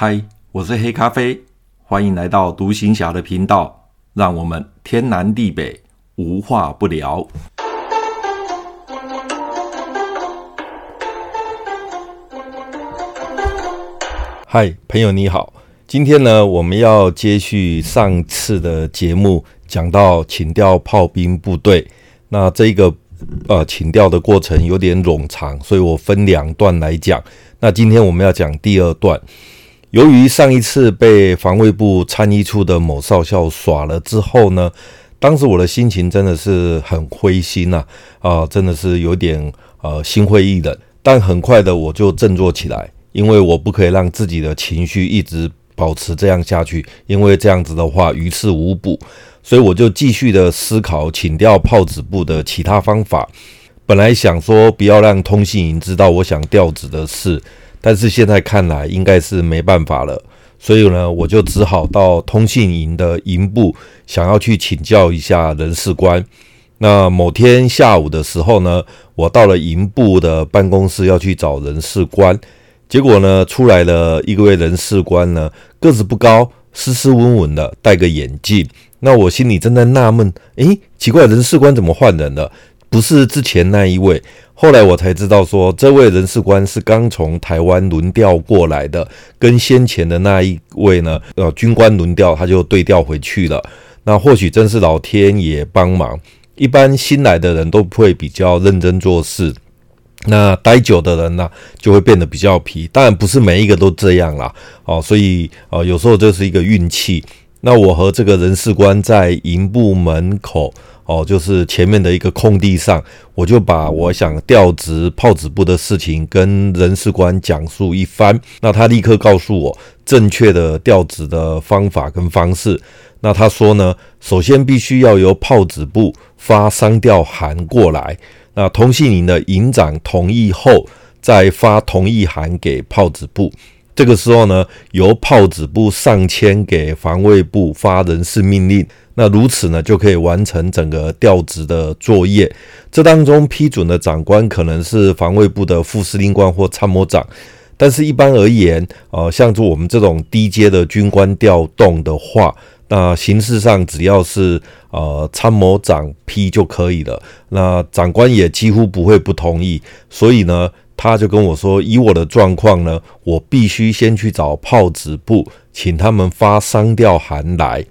嗨，Hi, 我是黑咖啡，歡迎來到讀行俠的頻道，讓我們天南地北無話不聊。嗨，朋友你好，今天呢，我們要接續上次的節目，講到請調炮兵部隊。那這個呃請調的過程有點冗長，所以我分兩段來講。那今天我們要講第二段。由於上一次被防衛部參一處的某少校耍了之後呢，當時我的心情真的是很灰心吶、啊，啊、呃，真的是有點呃心灰意冷。但很快的我就振作起來，因為我不可以讓自己的情緒一直保持這樣下去，因為這樣子的話於事無補。所以我就繼續的思考，請調砲指部的其他方法。本來想說不要讓通信營知道我想調職的事。但是現在看來應該是沒辦法了，所以呢，我就只好到通信營的營部，想要去請教一下人事官。那某天下午的時候呢，我到了營部的辦公室要去找人事官，結果呢，出來了一位人事官呢，個子不高，斯斯文文的，戴個眼鏡。那我心裡正在納悶，哎、欸，奇怪，人事官怎麼換人了？不是之前那一位，後來我才知道說，這位人事官是剛從台灣輪調過來的，跟先前的那一位呢，呃，軍官輪調，他就對調回去了。那或許真是老天爺幫忙。一般新來的人都會比較認真做事，那待久的人呢、啊，就會變得比較皮。當然不是每一個都這樣啦，哦、呃，所以哦、呃，有時候就是一個運氣。那我和這個人事官在營部門口。哦，就是前面的一個空地上，我就把我想調職砲指部的事情跟人事官講述一番，那他立刻告訴我正確的調職的方法跟方式。那他說呢，首先必須要由砲指部發商調函過來，那通信營的營長同意後，再發同意函給砲指部。這個時候呢，由砲指部上簽給防衛部發人事命令，那如此呢，就可以完成整個調職的作業。這當中批准的長官可能是防衛部的副司令官或參謀長，但是一般而言，呃，像是我們這種低階的軍官調動的話，那形式上只要是呃參謀長批就可以了，那長官也幾乎不會不同意，所以呢。他就跟我說：“以我的狀況呢，我必須先去找砲指部，請他們發商調函來。”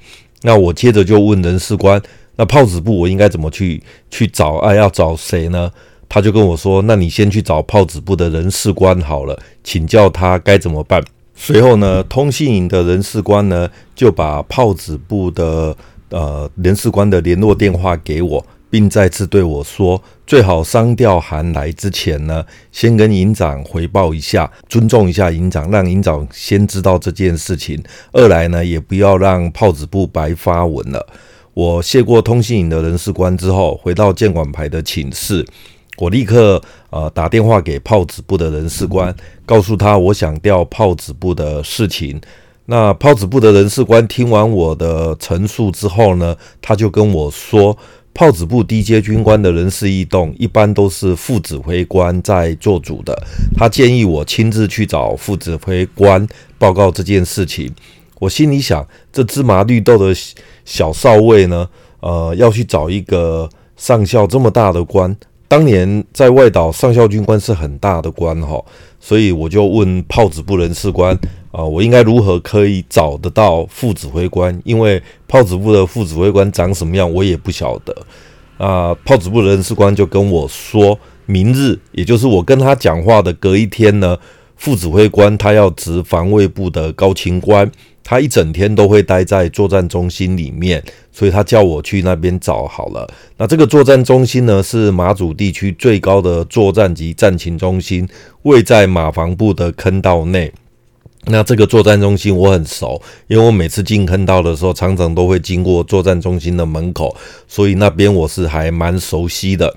那我接着就問人事官：“那砲指部我應該怎麼去去找？哎、啊，要找誰呢？”他就跟我說：“那你先去找砲指部的人事官好了，請教他該怎麼辦。”隨後呢，通信營的人事官呢就把砲指部的呃人事官的聯絡電話給我。並再次對我說：“最好商調函來之前呢，先跟營長回報一下，尊重一下營長，讓營長先知道這件事情。二來呢，也不要讓砲指部白發文了。”我謝過通信營的人事官之後，回到建管排的寢室，我立刻呃打電話給砲指部的人事官，告訴他我想調砲指部的事情。那砲指部的人事官聽完我的陳述之後呢，他就跟我說。砲指部低階軍官的人事異動，一般都是副指揮官在做主的。他建議我親自去找副指揮官報告這件事情。我心裡想，這芝麻綠豆的小少尉呢，呃，要去找一個上校這麼大的官。當年在外島上校軍官是很大的官，所以我就問砲指部人事官啊、呃，我應該如何可以找得到副指揮官？因為砲指部的副指揮官長什麼樣，我也不曉得。啊、呃，砲指部人事官就跟我說，明日，也就是我跟他講話的隔一天呢。副指揮官他要值防衛部的高勤官，他一整天都會待在作戰中心裡面，所以他叫我去那邊找好了。那這個作戰中心呢，是馬祖地區最高的作戰及戰情中心，位在馬防部的坑道內。那這個作戰中心我很熟，因為我每次進坑道的時候，常常都會經過作戰中心的門口，所以那邊我是還蠻熟悉的。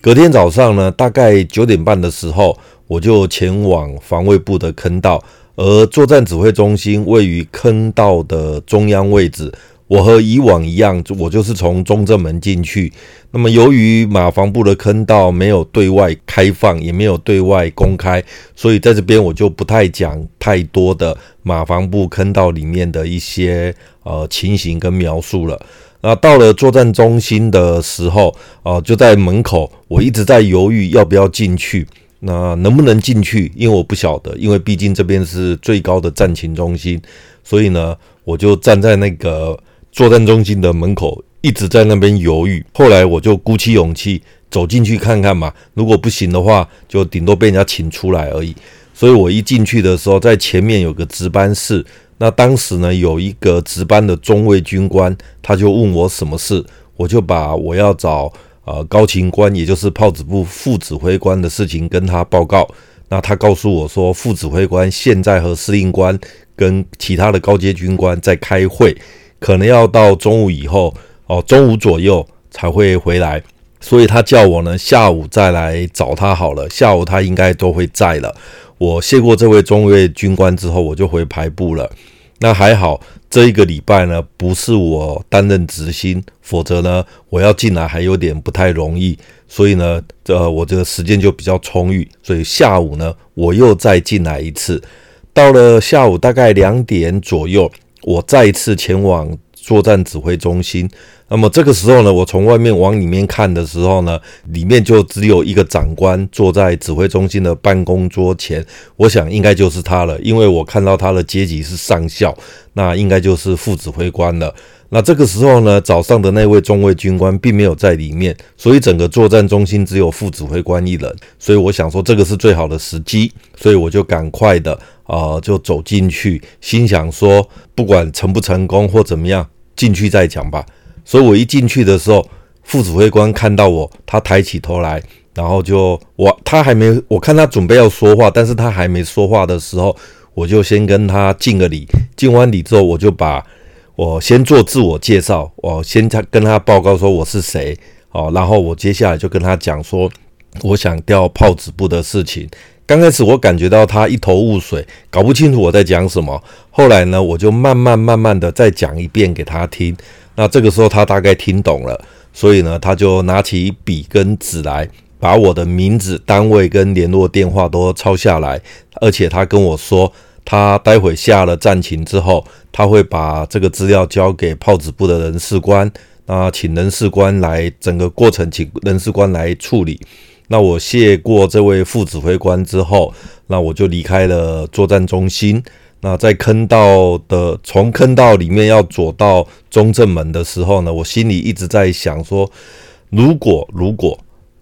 隔天早上呢，大概九點半的時候。我就前往防衛部的坑道，而作戰指揮中心位於坑道的中央位置。我和以往一樣，我就是從中正門進去。那麼，由於馬防部的坑道沒有對外開放，也沒有對外公開，所以在這邊我就不太講太多的馬防部坑道裡面的一些呃情形跟描述了。那到了作戰中心的時候，呃，就在門口，我一直在猶豫要不要進去。那能不能進去？因為我不曉得，因為畢竟這邊是最高的戰情中心，所以呢，我就站在那個作戰中心的門口，一直在那邊猶豫。後來我就鼓起勇氣走進去看看嘛，如果不行的話，就頂多被人家請出來而已。所以我一進去的時候，在前面有個值班室，那當時呢，有一個值班的中尉軍官，他就問我什麼事，我就把我要找。呃，高勤官，也就是砲指部副指揮官的事情，跟他報告。那他告訴我說，副指揮官現在和司令官跟其他的高階軍官在開會，可能要到中午以後，哦，中午左右才會回來。所以他叫我呢，下午再來找他好了，下午他應該都會在了。我謝過這位中尉軍官之後，我就回排部了。那還好。這一個禮拜呢，不是我擔任執行，否則呢，我要進來還有點不太容易，所以呢，這、呃、我這個時間就比較充裕，所以下午呢，我又再進來一次，到了下午大概兩點左右，我再一次前往，作戰指揮中心。那麼這個時候呢，我從外面往裡面看的時候呢，裡面就只有一個長官坐在指揮中心的辦公桌前。我想應該就是他了，因為我看到他的階級是上校，那應該就是副指揮官了。那這個時候呢，早上的那位中尉軍官並沒有在裡面，所以整個作戰中心只有副指揮官一人。所以我想說這個是最好的時機，所以我就趕快的啊、呃，就走進去，心想說不管成不成功或怎麼樣。進去再講吧。所以我一進去的時候，副指揮官看到我，他抬起頭來，然後就我他還沒，我看他準備要說話，但是他還沒說話的時候，我就先跟他敬個禮。敬完禮之後，我就把我先做自我介紹，我先他跟他報告說我是誰，哦，然後我接下來就跟他講說，我想調砲指部的事情。剛開始我感覺到他一頭霧水，搞不清楚我在講什麼。後來呢，我就慢慢慢慢的再講一遍給他聽。那這個時候他大概聽懂了，所以呢，他就拿起筆跟紙來，把我的名字、單位跟聯絡電話都抄下來。而且他跟我說，他待會下了戰情之後，他會把這個資料交給砲指部的人事官，那請人事官來整個過程，請人事官來處理。那我謝過這位副指揮官之後，那我就離開了作戰中心。那在坑道的，從坑道裡面要走到中正門的時候呢，我心裡一直在想說，如果，如果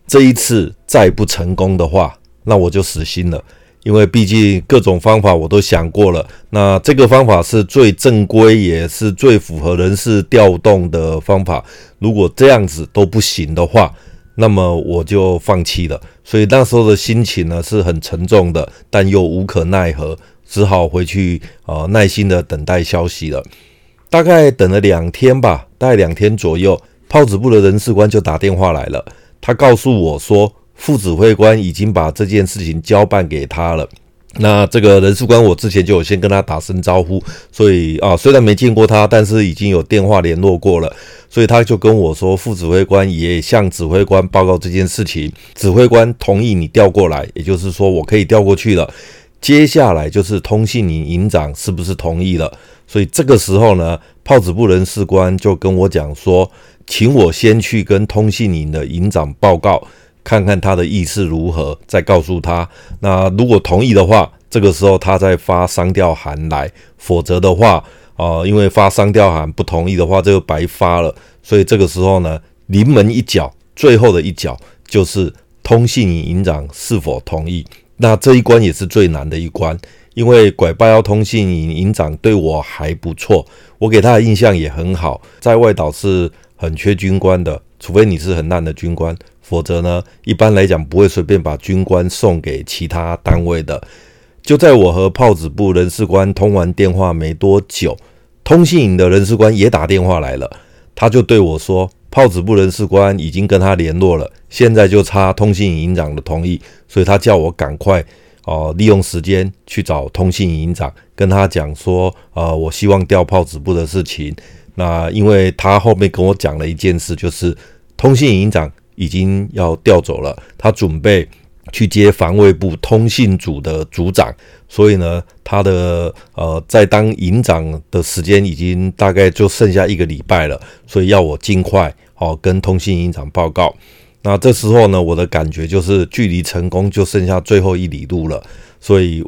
這一次再不成功的話，那我就死心了。因為畢竟各種方法我都想過了，那這個方法是最正規，也是最符合人事調動的方法。如果這樣子都不行的話，那麼我就放棄了，所以那時候的心情呢是很沉重的，但又無可奈何，只好回去啊、呃，耐心的等待消息了。大概等了兩天吧，大概兩天左右，砲指部的人事官就打電話來了。他告訴我說，副指揮官已經把這件事情交辦給他了。那這個人事官，我之前就有先跟他打聲招呼，所以啊，雖然沒見過他，但是已經有電話聯絡過了。所以他就跟我說，副指揮官也向指揮官報告這件事情，指揮官同意你調過來，也就是說我可以調過去了。接下來就是通信營營長是不是同意了？所以這個時候呢，炮指部人事官就跟我講說，請我先去跟通信營的營長報告，看看他的意思如何，再告訴他。那如果同意的話，這個時候他再發商調函來；否則的話。哦、呃，因為發商調函不同意的話，這就白發了。所以這個時候呢，臨門一腳，最後的一腳就是通信營營長是否同意。那這一關也是最難的一關，因為拐八幺通信營營長對我還不錯，我給他的印象也很好。在外島是很缺軍官的，除非你是很爛的軍官，否則呢，一般來講不會隨便把軍官送給其他單位的。就在我和砲指部人事官通完電話沒多久，通信營的人事官也打電話來了。他就對我說：“砲指部人事官已經跟他聯絡了，現在就差通信營營長的同意，所以他叫我趕快哦、呃，利用時間去找通信營營長，跟他講說，呃，我希望調砲指部的事情。那因為他後面跟我講了一件事，就是通信營長已經要調走了，他準備。”去接防衛部通信組的組長，所以呢，他的呃，在當營長的時間已經大概就剩下一個禮拜了，所以要我盡快哦、呃、跟通信營長報告。那這時候呢，我的感覺就是距離成功就剩下最後一里路了，所以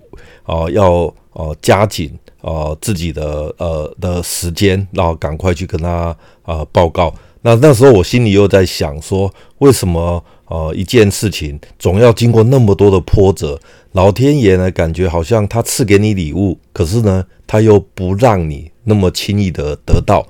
啊、呃，要哦、呃、加緊哦、呃、自己的呃的時間，然後趕快去跟他呃報告。那那時候我心裡又在想說，為什麼？呃，一件事情總要經過那麼多的波折，老天爺呢，感覺好像他賜給你禮物，可是呢，他又不讓你那麼輕易的得到。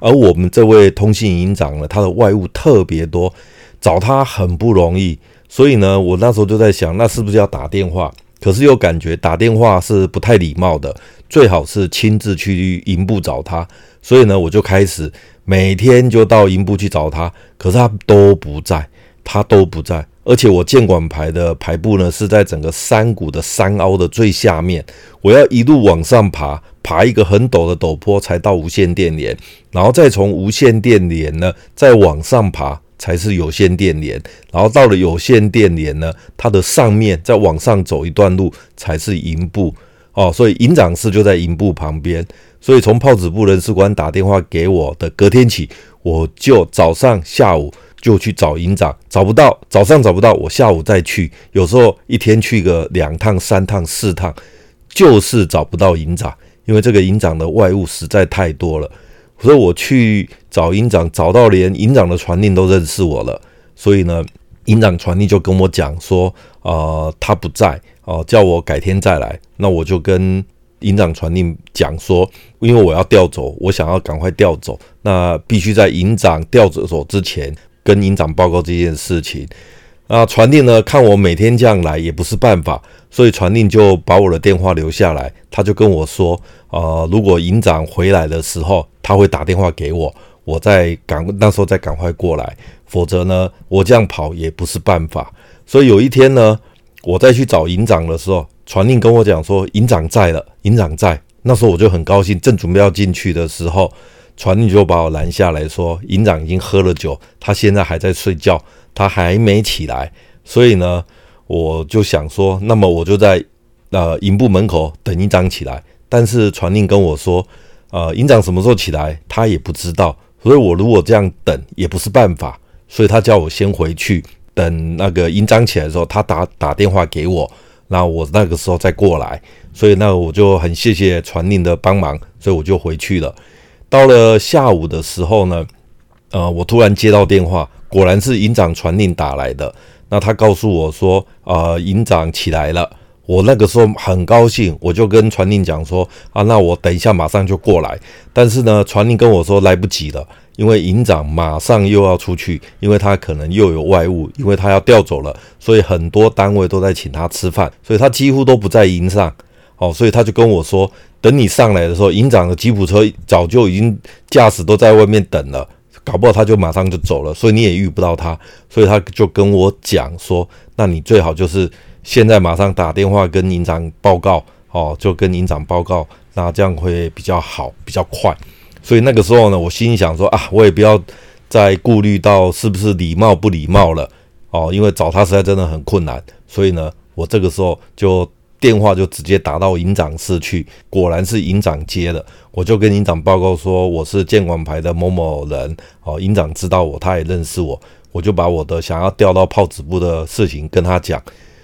而我們這位通信營長呢，他的外務特別多，找他很不容易。所以呢，我那時候就在想，那是不是要打電話？可是又感覺打電話是不太禮貌的，最好是親自去營部找他。所以呢，我就開始每天就到營部去找他，可是他都不在。他都不在，而且我建管排的排部呢，是在整個山谷的山凹的最下面，我要一路往上爬，爬一個很陡的陡坡才到無線電連，然後再從無線電連呢再往上爬才是有線電連，然後到了有線電連呢，它的上面再往上走一段路才是營部哦，所以營長室就在營部旁邊，所以從砲指部人事官打電話給我的隔天起，我就早上下午。就去找營長，找不到，早上找不到，我下午再去。有時候一天去個兩趟、三趟、四趟，就是找不到營長，因為這個營長的外務實在太多了。所以，我去找營長，找到連營長的傳令都認識我了。所以呢，營長傳令就跟我講說：“啊、呃，他不在啊、呃，叫我改天再來。”那我就跟營長傳令講說：“因為我要調走，我想要趕快調走，那必須在營長調走走之前。”跟營長報告這件事情，啊，傳令呢，看我每天這樣來也不是辦法，所以傳令就把我的電話留下來，他就跟我說，呃，如果營長回來的時候，他會打電話給我，我再趕那時候再趕快過來，否則呢，我這樣跑也不是辦法。所以有一天呢，我再去找營長的時候，傳令跟我講說營長在了，營長在，那時候我就很高興，正準備要進去的時候。傳令就把我攔下來說：“營長已經喝了酒，他現在還在睡覺，他還沒起來。”所以呢，我就想說：“那麼我就在呃營部門口等營長起來。”但是傳令跟我說：“呃，營長什麼時候起來？他也不知道。”所以，我如果這樣等也不是辦法，所以他叫我先回去等那個營長起來的時候，他打打電話給我，那我那個時候再過來。所以，那我就很謝謝傳令的幫忙，所以我就回去了。到了下午的時候呢，呃，我突然接到電話，果然是營長傳令打來的。那他告訴我說，啊、呃，營長起來了。我那個時候很高興，我就跟傳令講說，啊，那我等一下馬上就過來。但是呢，傳令跟我說來不及了，因為營長馬上又要出去，因為他可能又有外務，因為他要調走了，所以很多單位都在請他吃飯，所以他幾乎都不在營上。哦，所以他就跟我說。等你上來的時候，營長的吉普車早就已經駕駛都在外面等了，搞不好他就馬上就走了，所以你也遇不到他，所以他就跟我講說：“那你最好就是現在馬上打電話跟營長報告哦，就跟營長報告，那這樣會比較好，比較快。”所以那個時候呢，我心裡想說：“啊，我也不要再顧慮到是不是禮貌不禮貌了哦，因為找他實在真的很困難。”所以呢，我這個時候就。電話就直接打到營長室去，果然是營長接的。我就跟營長報告說我是建管排的某某人，哦，營長知道我，他也認識我，我就把我的想要調到炮指部的事情跟他講，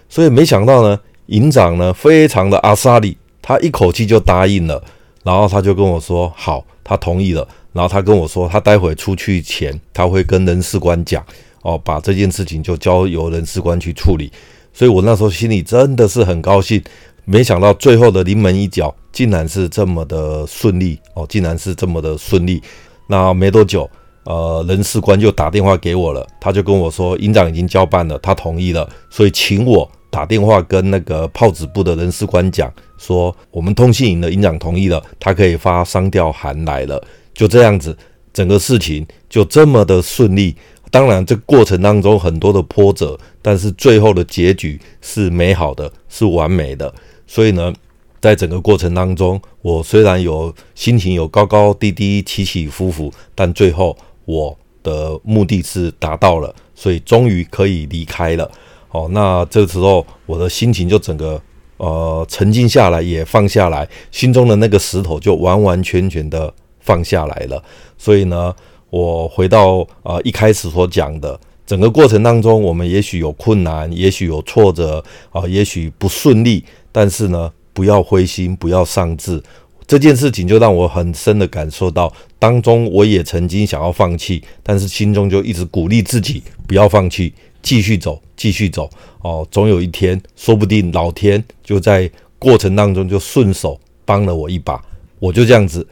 所以沒想到呢，營長呢非常的阿莎力，他一口氣就答應了，然後他就跟我說好，他同意了，然後他跟我說他待會出去前他會跟人事官講，哦，把這件事情就交由人事官去處理。所以，我那時候心裡真的是很高興，沒想到最後的臨門一腳竟然是這麼的順利哦，竟然是這麼的順利。那沒多久，呃，人事官就打電話給我了，他就跟我說，營長已經交辦了，他同意了，所以請我打電話跟那個砲指部的人事官講，說我們通信營的營長同意了，他可以發商調函來了。就這樣子，整個事情就這麼的順利。當然，這個過程當中很多的波折，但是最後的結局是美好的，是完美的。所以呢，在整個過程當中，我雖然有心情有高高低低、起起伏伏，但最後我的目的是達到了，所以終於可以離開了。哦，那這個時候我的心情就整個呃沉靜下來，也放下來，心中的那個石頭就完完全全的放下來了。所以呢。我回到呃一開始所講的整個過程當中，我們也許有困難，也許有挫折，啊、呃，也許不順利，但是呢，不要灰心，不要喪志。這件事情就讓我很深的感受到，當中我也曾經想要放棄，但是心中就一直鼓勵自己不要放棄，繼續走，繼續走，哦、呃，總有一天，說不定老天就在過程當中就順手幫了我一把。我就這樣子，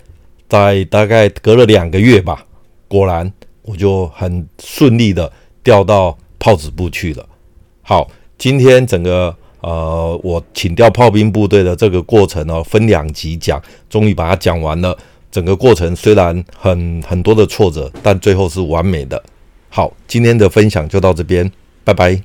在大概隔了兩個月吧。果然，我就很順利的調到砲指部去了。好，今天整個呃我請調炮兵部隊的這個過程哦，分兩集講，終於把它講完了。整個過程雖然很很多的挫折，但最後是完美的。好，今天的分享就到這邊，拜拜。